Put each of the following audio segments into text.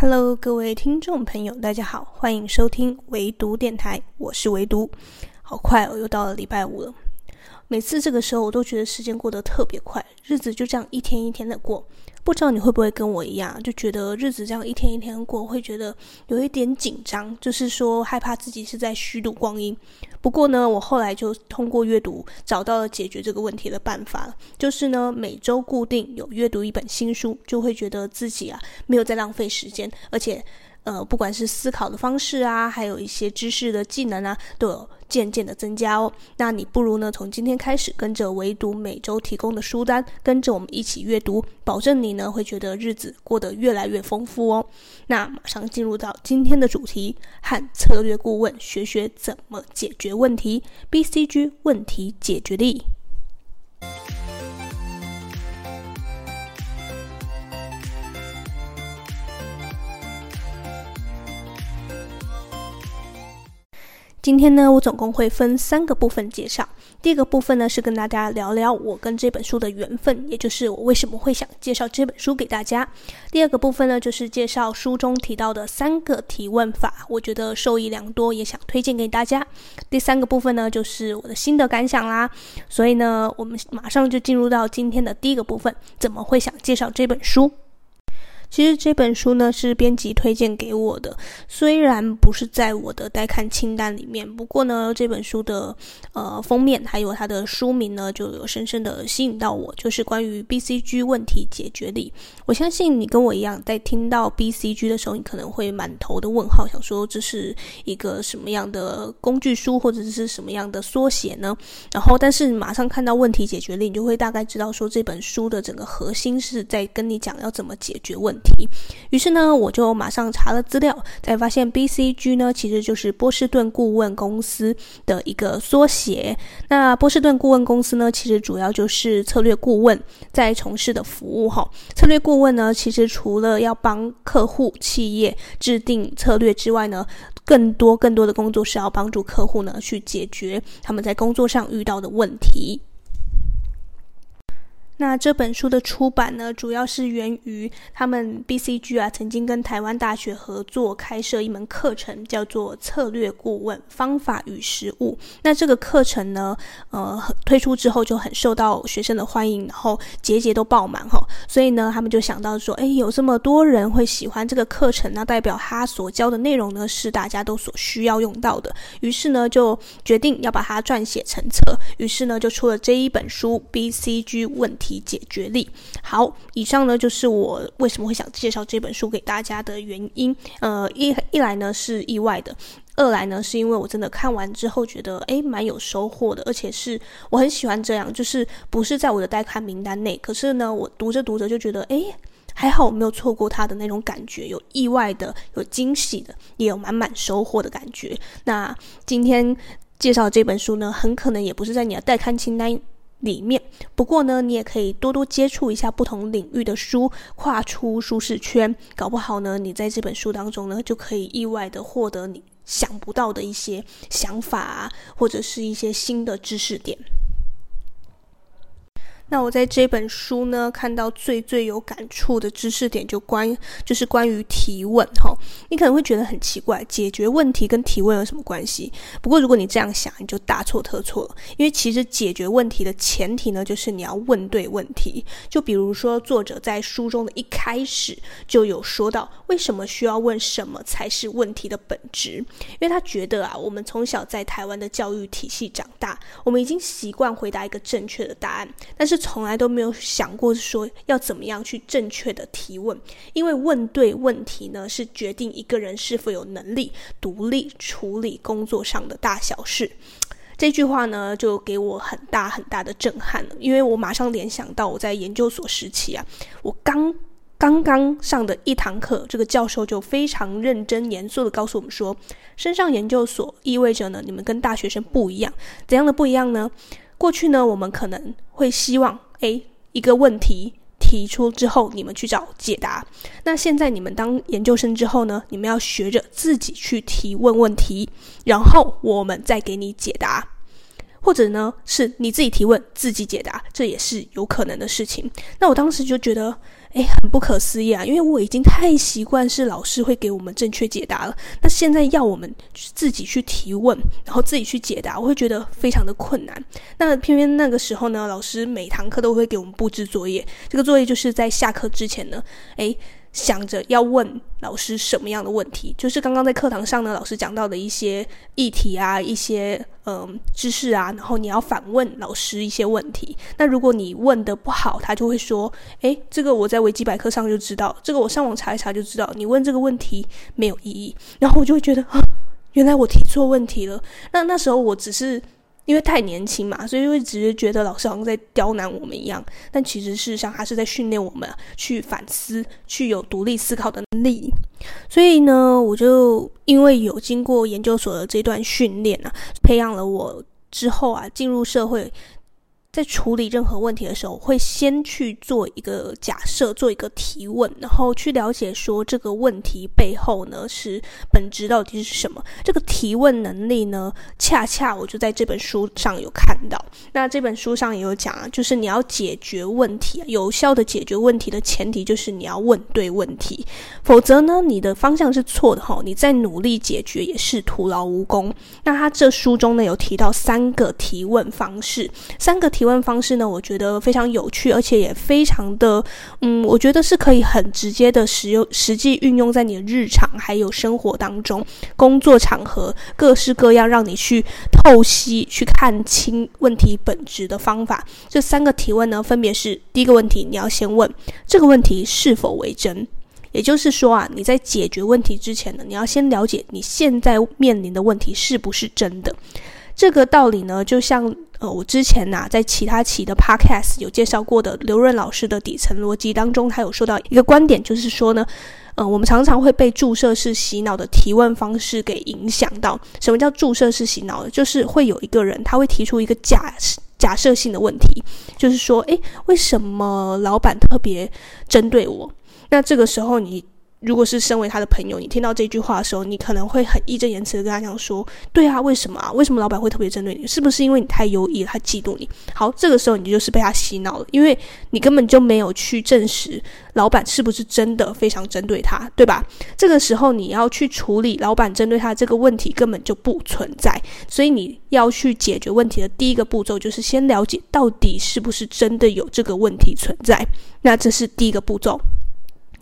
Hello，各位聽眾朋友，大家好，歡迎收聽微讀電台，我是微讀。好快哦，又到了禮拜五了。每次這個時候，我都覺得時間過得特別快，日子就這樣一天一天的過。不知道你會不會跟我一樣，就覺得日子這樣一天一天過，我會覺得有一點緊張，就是說害怕自己是在虛度光陰。不過呢，我後來就通過閱讀找到了解決這個問題的辦法，就是呢每周固定有閱讀一本新書，就會覺得自己啊沒有在浪費時間，而且。呃，不管是思考的方式啊，還有一些知識的技能啊，都有漸漸的增加哦。那你不如呢，從今天開始跟着微讀每周提供的書單，跟着我們一起閱讀，保證你呢會覺得日子過得越來越豐富哦。那馬上進入到今天的主題，和策略顧問學學怎麼解決問題，BCG 問題解決力。今天呢，我總共會分三個部分介紹。第一個部分呢，是跟大家聊聊我跟這本書的緣分，也就是我為什麼會想介紹這本書給大家。第二個部分呢，就是介紹書中提到的三個提問法，我覺得受益良多，也想推薦給大家。第三個部分呢，就是我的心得感想啦。所以呢，我們馬上就進入到今天的第一個部分，怎麼會想介紹這本書？其實這本書呢，是編輯推薦給我的，雖然不是在我的待看清單裡面，不過呢，這本書的呃封面還有它的書名呢就有深深的吸引到我，就是關於 BCG 問題解決力。我相信你跟我一樣，在聽到 BCG 的時候，你可能會滿頭的問號，想說這是一個什麼樣的工具書，或者是什麼樣的縮寫呢？然後，但是馬上看到問題解決力，你就會大概知道說這本書的整個核心是在跟你講要怎麼解決問題。題，於是呢，我就馬上查了資料，才發現 BCG 呢其實就是波士頓顧問公司的一個縮寫。那波士頓顧問公司呢，其實主要就是策略顧問在從事的服務哈。策略顧問呢，其實除了要幫客戶企業制定策略之外呢，更多更多的工作是要幫助客戶呢去解決他們在工作上遇到的問題。那這本書的出版呢，主要是源於他們 BCG 啊，曾經跟台灣大學合作開設一門課程，叫做策略顧問方法與實務。那這個課程呢，呃，推出之後就很受到學生的歡迎，然後節節都爆滿齁。所以呢，他們就想到說，哎，有這麼多人會喜歡這個課程，那代表他所教的內容呢，是大家都所需要用到的。於是呢，就決定要把它撰寫成冊。於是呢，就出了這一本書《BCG 問題》題解決力》。好，以上呢就是我為什麼會想介紹這本書給大家的原因。呃，一一來呢是意外的，二來呢是因為我真的看完之後覺得誒蠻有收穫的，而且是我很喜歡這樣，就是不是在我的待看名單內，可是呢我讀着讀着就覺得誒還好我沒有錯過它的那種感覺，有意外的，有驚喜的，也有滿滿收穫的感覺。那今天介紹這本書呢，很可能也不是在你的待看清單裡面，不過呢，你也可以多多接觸一下不同領域的書，跨出舒適圈，搞不好呢，你在這本書當中呢，就可以意外的獲得你想不到的一些想法啊，或者是一些新的知識點。那我在這本書呢，看到最最有感觸的知識點，就關於就是關於提問哈、哦。你可能會覺得很奇怪，解決問題跟提問有什麼關係？不過如果你這樣想，你就大錯特錯了。因為其實解決問題的前提呢，就是你要問對問題。就比如說，作者在書中的一開始就有說到，為什麼需要問什麼才是問題的本質？因為他覺得啊，我們從小在台灣的教育體系長大，我們已經習慣回答一個正確的答案，但是。從來都沒有想過說要怎麼樣去正確的提問，因為問對問題呢，是決定一個人是否有能力獨立處理工作上的大小事。這句話呢，就給我很大很大的震撼，因為我馬上聯想到我在研究所時期啊，我剛剛剛上的一堂課，這個教授就非常認真嚴肅的告訴我們說，升上研究所意味着呢，你們跟大學生不一樣，怎樣的不一樣呢？過去呢，我們可能會希望，哎，一個問題提出之後，你們去找解答。那現在你們當研究生之後呢，你們要學着自己去提問問題，然後我們再給你解答，或者呢，是你自己提問，自己解答，這也是有可能的事情。那我當時就覺得。哎，很不可思議啊！因為我已經太習慣是老師會給我們正確解答了，那現在要我們自己去提問，然後自己去解答，我會覺得非常的困難。那偏偏那個時候呢，老師每堂課都會給我們布置作業，這個作業就是在下課之前呢，哎。想着要問老師什麼樣的問題，就是剛剛在課堂上呢，老師講到的一些議題啊，一些嗯知識啊，然後你要反問老師一些問題。那如果你問的不好，他就會說：“誒，這個我在維基百科上就知道，這個我上網查一查就知道，你問這個問題沒有意義。”然後我就會覺得啊，原來我提錯問題了。那那時候我只是。因為太年輕嘛，所以會只是覺得老師好像在刁難我們一樣。但其實事實上，他是在訓練我們去反思，去有獨立思考的能力。所以呢，我就因為有經過研究所的這段訓練啊，培養了我之後啊，進入社會。在處理任何問題的時候，我會先去做一個假設，做一個提問，然後去了解說這個問題背後呢是本質到底是什麼。這個提問能力呢，恰恰我就在這本書上有看到。那這本書上也有講啊，就是你要解決問題，有效的解決問題的前提就是你要問對問題，否則呢，你的方向是錯的哈、哦，你再努力解決也是徒勞無功。那他這書中呢有提到三個提問方式，三個。提問方式呢，我覺得非常有趣，而且也非常的，嗯，我覺得是可以很直接的使用，實際運用在你的日常還有生活當中，工作場合各式各樣，讓你去透析，去看清問題本質的方法。這三個提問呢，分別是第一個問題，你要先問這個問題是否為真，也就是說啊，你在解決問題之前呢，你要先了解你現在面臨的問題是不是真的。這個道理呢，就像呃，我之前吶、啊，在其他期的 podcast 有介紹過的劉潤老師的底層邏輯當中，他有說到一個觀點，就是說呢，呃，我們常常會被注射式洗腦的提問方式給影響到。什麼叫注射式洗腦？就是會有一個人，他會提出一個假假設性的問題，就是說，誒，為什麼老闆特別針對我？那這個時候你，如果是身為他的朋友，你聽到這句話的時候，你可能會很義正言辭的跟他講說：“對啊，為什麼啊？為什麼老板會特別針對你？是不是因為你太優異了，他嫉妒你？”好，這個時候你就是被他洗腦了，因為你根本就沒有去證實老板是不是真的非常針對他，對吧？這個時候你要去處理老板針對他這個問題根本就不存在，所以你要去解決問題的第一個步驟就是先了解到底是不是真的有這個問題存在，那這是第一個步驟。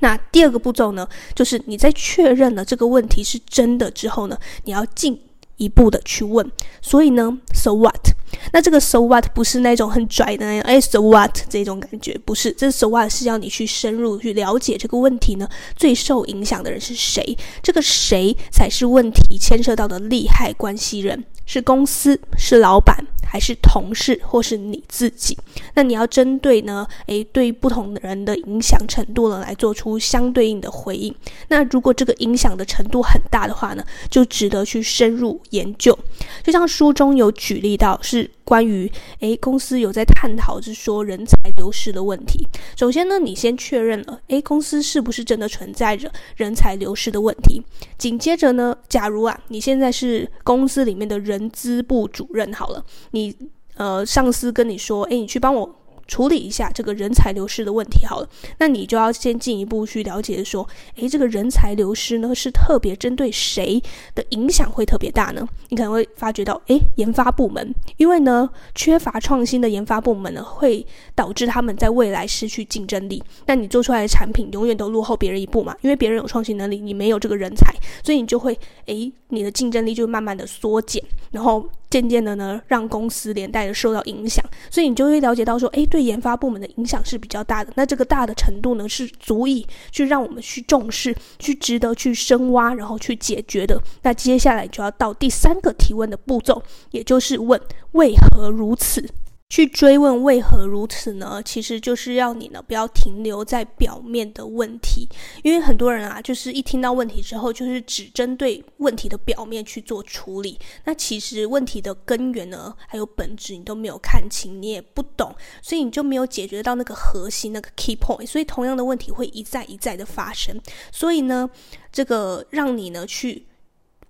那第二個步驟呢，就是你在確認了這個問題是真的之後呢，你要進一步的去問。所以呢，so what？那這個 so what 不是那種很拽的那種哎，so what 這種感覺不是，這 so what 是要你去深入去了解這個問題呢，最受影響的人是誰？這個誰才是問題牽涉到的利害關係人？是公司、是老闆，還是同事，或是你自己？那你要針對呢，哎，對不同的人的影響程度呢，來做出相對應的回應。那如果這個影響的程度很大的話呢，就值得去深入研究。就像書中有舉例到是。關於誒，公司有在探討，就是說人才流失的問題。首先呢，你先確認了，誒公司是不是真的存在着人才流失的問題？緊接着呢，假如啊，你現在是公司裡面的人資部主任好了，你呃，上司跟你說，誒，你去幫我。處理一下這個人才流失的問題好了，那你就要先進一步去了解說，誒，這個人才流失呢是特別針對誰的影響會特別大呢？你可能會發覺到，誒，研發部門，因為呢缺乏創新的研發部門呢會導致他們在未來失去競爭力。那你做出來的產品永遠都落後別人一步嘛。因為別人有創新能力，你沒有這個人才，所以你就會，誒，你的競爭力就慢慢的縮減，然後。漸漸的呢，讓公司連帶的受到影響，所以你就會了解到說，哎，對研發部門的影響是比較大的。那這個大的程度呢，是足以去讓我們去重視、去值得去深挖，然後去解決的。那接下來就要到第三個提問的步驟，也就是問為何如此？去追問為何如此呢？其實就是要你呢不要停留在表面的問題，因為很多人啊，就是一聽到問題之後，就是只針對問題的表面去做處理。那其實問題的根源呢，還有本質你都沒有看清，你也不懂，所以你就沒有解決到那個核心那個 key point。所以同樣的問題會一再一再的發生。所以呢，這個讓你呢去。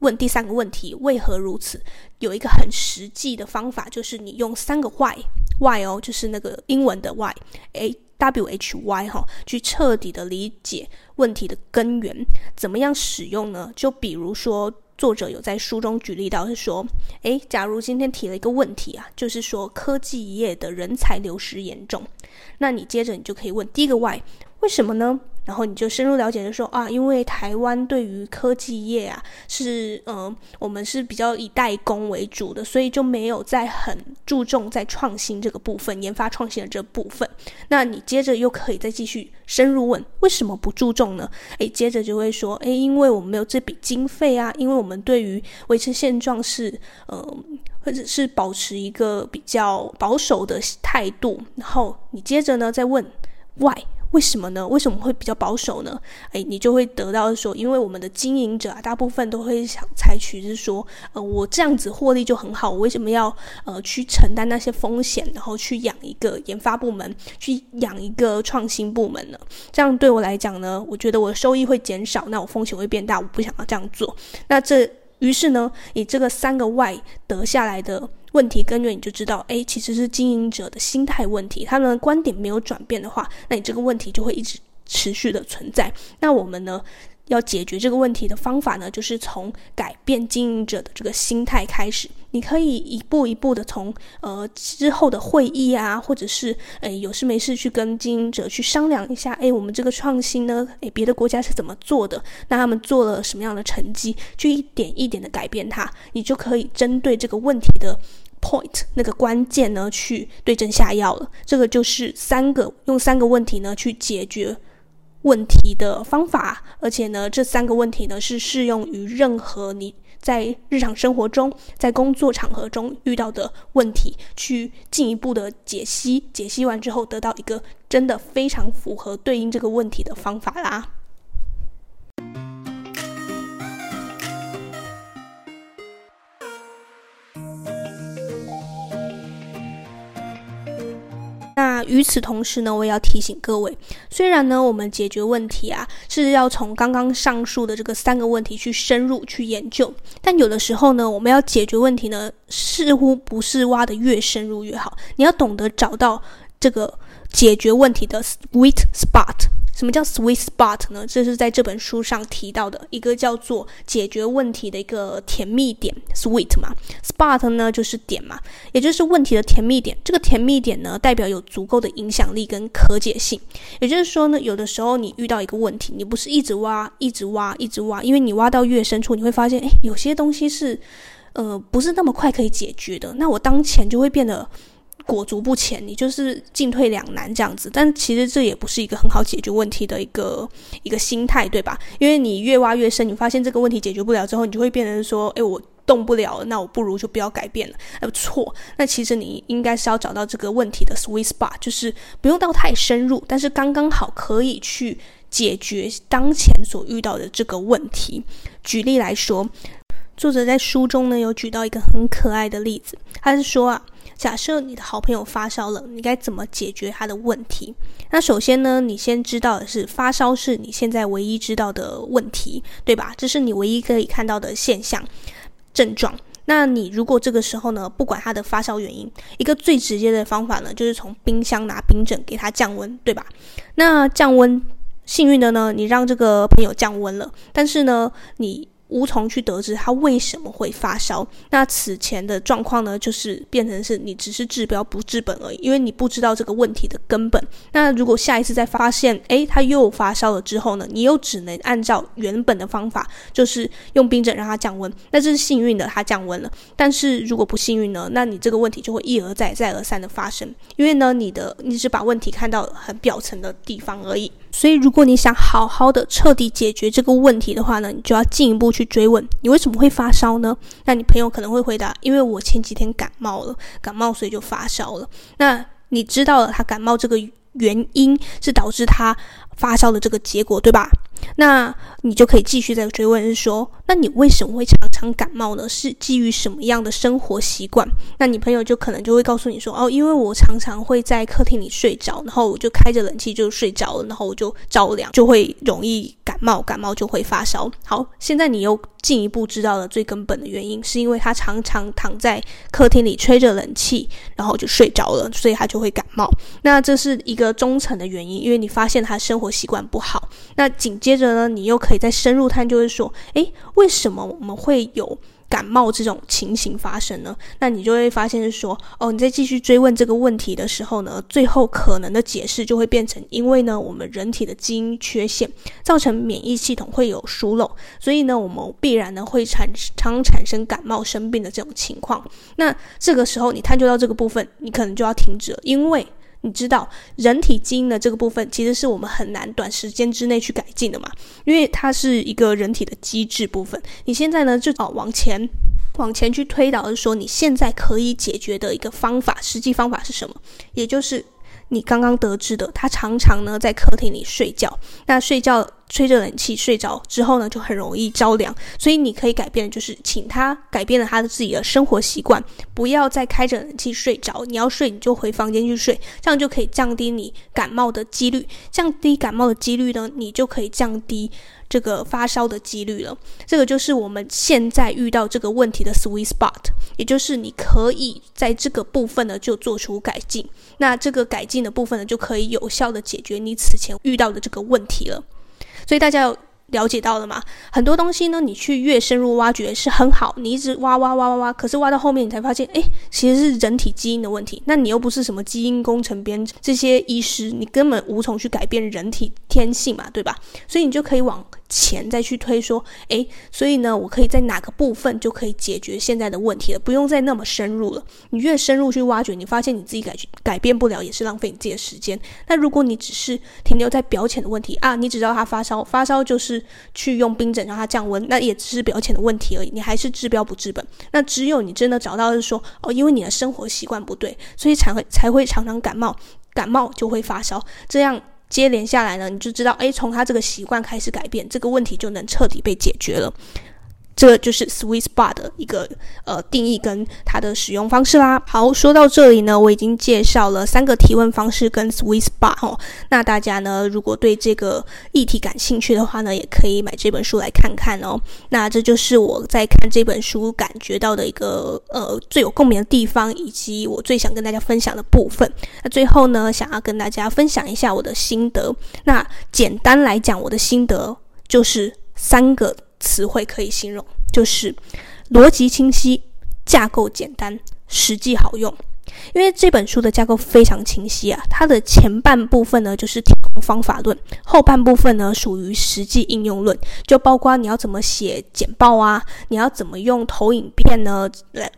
問第三個問題，為何如此？有一個很實際的方法，就是你用三個 why，why 哦，就是那個英文的 why，哎，why 哈、哦，去徹底的理解問題的根源。怎麼樣使用呢？就比如說作者有在書中舉例到，是說，誒，假如今天提了一個問題啊，就是說科技業的人才流失嚴重，那你接着你就可以問第一個 why，為什麼呢？然後你就深入了解，就說啊，因為台灣對於科技業啊，是嗯、呃，我們是比較以代工為主的，所以就沒有在很注重在創新這個部分，研发創新的這部分。那你接着又可以再繼續深入問，為什麼不注重呢？誒，接着就會說，誒，因為我們沒有這筆經費啊，因為我們對於維持現狀是嗯或者是保持一個比較保守的態度。然後你接着呢，再問 why。為什麼呢？為什麼會比較保守呢？哎，你就會得到的說，因為我們的經營者啊，大部分都會想採取是說，呃，我這樣子獲利就很好，我為什麼要呃去承擔那些風險，然後去養一個研發部門，去養一個創新部門呢？這樣對我來講呢，我覺得我的收益會減少，那我風險會變大，我不想要這樣做。那這於是呢，以這個三個 Y 得下來的。問題根源你就知道，誒、哎，其實是經營者的心態問題。他們的觀點沒有轉變的話，那你這個問題就會一直持續的存在。那我們呢，要解決這個問題的方法呢，就是從改變經營者的這個心態開始。你可以一步一步的從呃之後的會議啊，或者是誒、哎、有事沒事去跟經營者去商量一下，誒、哎、我們這個創新呢，誒、哎、別的國家是怎麼做的？那他們做了什麼樣的成績？去一點一點的改變它，你就可以針對這個問題的 Point, 那個關鍵呢，去對症下藥了。這個就是三個，用三個問題呢去解決問題的方法，而且呢，這三個問題呢是適用於任何你在日常生活中、在工作場合中遇到的問題，去進一步的解析。解析完之後，得到一個真的非常符合對應這個問題的方法啦。與此同時呢，我也要提醒各位，雖然呢，我們解決問題啊是要從剛剛上述的這個三個問題去深入去研究，但有的時候呢，我們要解決問題呢，似乎不是挖得越深入越好，你要懂得找到這個解決問題的 sweet spot。什麼叫 sweet spot 呢？這是在這本書上提到的一個叫做解決問題的一個甜蜜點，sweet 嘛。spot 呢就是點嘛，也就是問題的甜蜜點。這個甜蜜點呢，代表有足夠的影響力跟可解性。也就是說呢，有的時候你遇到一個問題，你不是一直挖、一直挖、一直挖，因為你挖到越深處，你會發現，誒，有些東西是，呃，不是那麼快可以解決的。那我當前就會變得。裹足不前，你就是進退兩難這樣子。但其實這也不是一個很好解決問題的一個一個心態，對吧？因為你越挖越深，你發現這個問題解決不了之後，你就會變成說：哎，我動不了，那我不如就不要改變了，哎，不錯！那其實你應該是要找到這個問題的 sweet spot，就是不用到太深入，但是剛剛好可以去解決當前所遇到的這個問題。舉例來說，作者在書中呢有舉到一個很可愛的例子，他是說啊。假設你的好朋友發燒了，你該怎麼解決他的問題？那首先呢，你先知道的是發燒是你現在唯一知道的問題，對吧？這是你唯一可以看到的現象、症狀。那你如果這個時候呢，不管他的發燒原因，一個最直接的方法呢，就是從冰箱拿冰枕給他降溫，對吧？那降溫，幸運的呢，你讓這個朋友降溫了，但是呢，你。無從去得知他為什麼會發燒。那此前的狀況呢，就是變成是你只是治標不治本而已，因為你不知道這個問題的根本。那如果下一次再發現，哎，他又發燒了之後呢，你又只能按照原本的方法，就是用冰枕讓他降溫。那這是幸運的，他降溫了。但是如果不幸運呢，那你這個問題就會一而再再而三的發生，因為呢，你的你只把問題看到很表層的地方而已。所以，如果你想好好的徹底解決這個問題的話呢，你就要進一步去追問，你為什麼會發燒呢？那你朋友可能會回答，因為我前幾天感冒了，感冒所以就發燒了。那你知道了他感冒這個原因是導致他發燒的這個結果，對吧？那你就可以繼續再追問，是說，那你為什麼會常常感冒呢？是基於什麼樣的生活習慣？那你朋友就可能就會告訴你說，哦，因為我常常會在客廳裡睡着，然後我就開着冷氣就睡着了，然後我就着涼，就會容易感冒，感冒就會發燒。好，現在你又，進一步知道了最根本的原因，是因為他常常躺在客廳裡吹着冷氣，然後就睡着了，所以他就會感冒。那這是一個中層的原因，因為你發現他生活習慣不好。那緊接着呢，你又可以再深入探究，就是說，誒，為什麼我們會有？感冒這種情形發生呢，那你就會發現是說，哦，你再繼續追問這個問題的時候呢，最後可能的解釋就會變成，因為呢，我們人體的基因缺陷造成免疫系統會有疏漏，所以呢，我們必然呢會產常產生感冒生病的這種情況。那這個時候你探究到這個部分，你可能就要停止了，因為。你知道人體基因的這個部分，其實是我們很難短時間之內去改進的嘛，因為它是一個人體的機制部分。你現在呢，就哦往前、往前去推導，是說你現在可以解決的一個方法，實際方法是什麼？也就是你剛剛得知的，他常常呢在客廳裡睡覺。那睡覺。吹着冷氣睡着之後呢，就很容易着涼。所以你可以改變的就是，請他改變了他的自己的生活習慣，不要再開着冷氣睡着。你要睡，你就回房間去睡，這樣就可以降低你感冒的幾率。降低感冒的幾率呢，你就可以降低這個發燒的幾率了。這個就是我們現在遇到這個問題的 sweet spot，也就是你可以在這個部分呢就做出改進。那這個改進的部分呢，就可以有效的解決你此前遇到的這個問題了。所以大家有了解到了嘛？很多東西呢，你去越深入挖掘，是很好，你一直挖挖挖挖挖，可是挖到後面你才發現，哎，其實是人體基因的問題。那你又不是什麼基因工程編這些醫師，你根本無從去改變人體天性嘛，對吧？所以你就可以往。錢再去推說，誒。所以呢，我可以在哪個部分就可以解決現在的問題了，不用再那麼深入了。你越深入去挖掘，你發現你自己改改變不了，也是浪費你自己的時間。那如果你只是停留在表淺的問題啊，你只知道他發燒，發燒就是去用冰枕讓他降溫，那也只是表淺的問題而已，你還是治標不治本。那只有你真的找到的是說，哦，因為你的生活習慣不對，所以才會才會常常感冒，感冒就會發燒，這樣。接連下來呢，你就知道，哎、欸，從他這個習慣開始改變，這個問題就能徹底被解決了。這就是 sweet spot 的一個呃定義跟它的使用方式啦。好，說到這裡呢，我已經介紹了三個提問方式跟 sweet spot 哦，那大家呢，如果對這個議題感興趣的話呢，也可以買這本書來看看哦。那這就是我在看這本書感覺到的一個呃最有共鳴的地方，以及我最想跟大家分享的部分。那最後呢，想要跟大家分享一下我的心得。那簡單來講，我的心得就是三個。詞彙可以形容，就是邏輯清晰、架構簡單、實際好用。因為這本書的架構非常清晰啊，它的前半部分呢，就是提供方法論，後半部分呢屬於實際應用論，就包括你要怎麼寫簡報啊，你要怎麼用投影片呢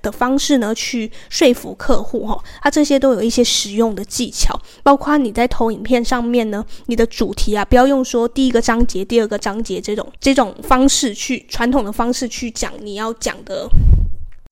的方式呢去說服客戶哈、哦，它、啊、這些都有一些實用的技巧，包括你在投影片上面呢，你的主題啊不要用說第一個章節、第二個章節這種這種方式去傳統的方式去講你要講的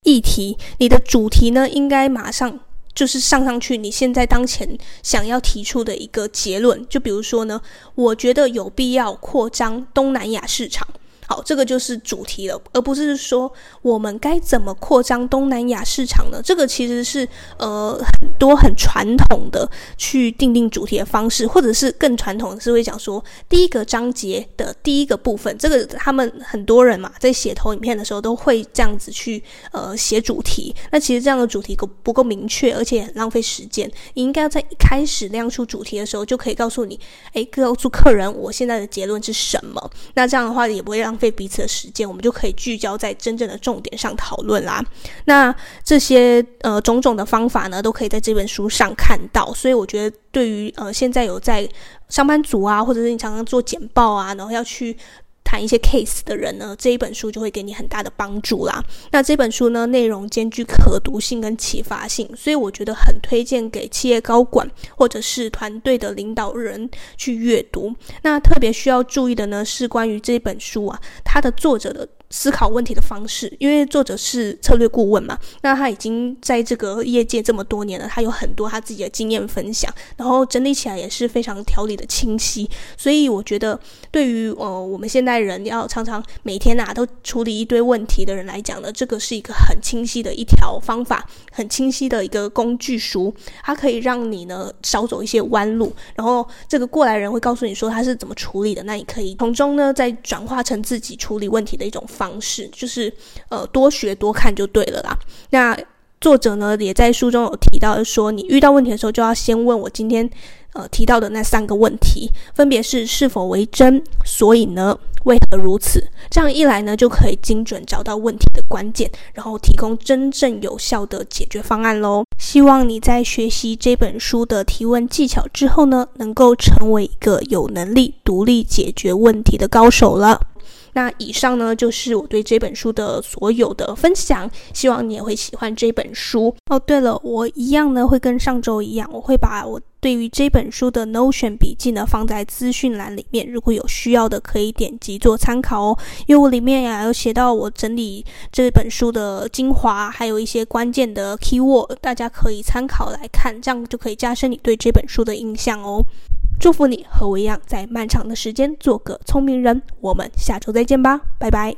議題，你的主題呢應該馬上。就是上上去，你現在當前想要提出的一個結論，就比如說呢，我覺得有必要擴張東南亞市場。好，這個就是主題了，而不是說我們該怎麼擴張東南亞市場呢？這個其實是呃很多很傳統的去訂定主題的方式，或者是更傳統的是會講說第一個章節的第一個部分，這個他們很多人嘛在寫投影片的時候都會這樣子去呃寫主題。那其實這樣的主題夠不夠明確，而且也很浪費時間。你應該要在一開始亮出主題的時候就可以告訴你，哎，告訴客人我現在的結論是什麼。那這樣的話也不會讓。費彼此的時間，我們就可以聚焦在真正的重點上討論啦。那這些呃種種的方法呢，都可以在這本書上看到。所以我覺得對，對於呃現在有在上班族啊，或者是你常常做簡報啊，然後要去。談一些 case 的人呢，這一本書就會給你很大的幫助啦。那這本書呢，內容兼具可讀性跟啟發性，所以我覺得很推薦給企業高管或者是團隊的領導人去閱讀。那特別需要注意的呢，是關於這本書啊，它的作者的思考問題的方式，因為作者是策略顧問嘛，那他已經在這個業界這麼多年了，他有很多他自己的經驗分享，然後整理起來也是非常條理的清晰，所以我覺得對於呃我們現代人要常常每天吶都處理一堆問題的人來講呢，這個是一個很清晰的一條方法，很清晰的一個工具書，它可以讓你呢少走一些彎路，然後這個過來人會告訴你說他是怎麼處理的，那你可以從中呢再轉化成自己處理問題的一種方法。方式就是呃多學多看就對了啦。那作者呢也在書中有提到說，你遇到問題的時候就要先問我今天呃提到的那三個問題，分別是是否為真，所以呢為何如此？這樣一來呢就可以精準找到問題的關鍵，然後提供真正有效的解決方案嘍。希望你在學習這本書的提問技巧之後呢，能夠成為一個有能力獨立解決問題的高手了。那以上呢就是我對這本書的所有的分享，希望你也會喜歡這本書哦。對了，我一樣呢會跟上周一樣，我會把我對於這本書的 Notion 筆記呢放在資訊欄裡面，如果有需要的可以點擊做參考哦。因為我裡面呀有寫到我整理這本書的精華，還有一些關鍵的 keyword，大家可以參考來看，這樣就可以加深你對這本書的印象哦。祝福你和我一樣，在漫長的時間做個聰明人。我們下周再見吧，拜拜。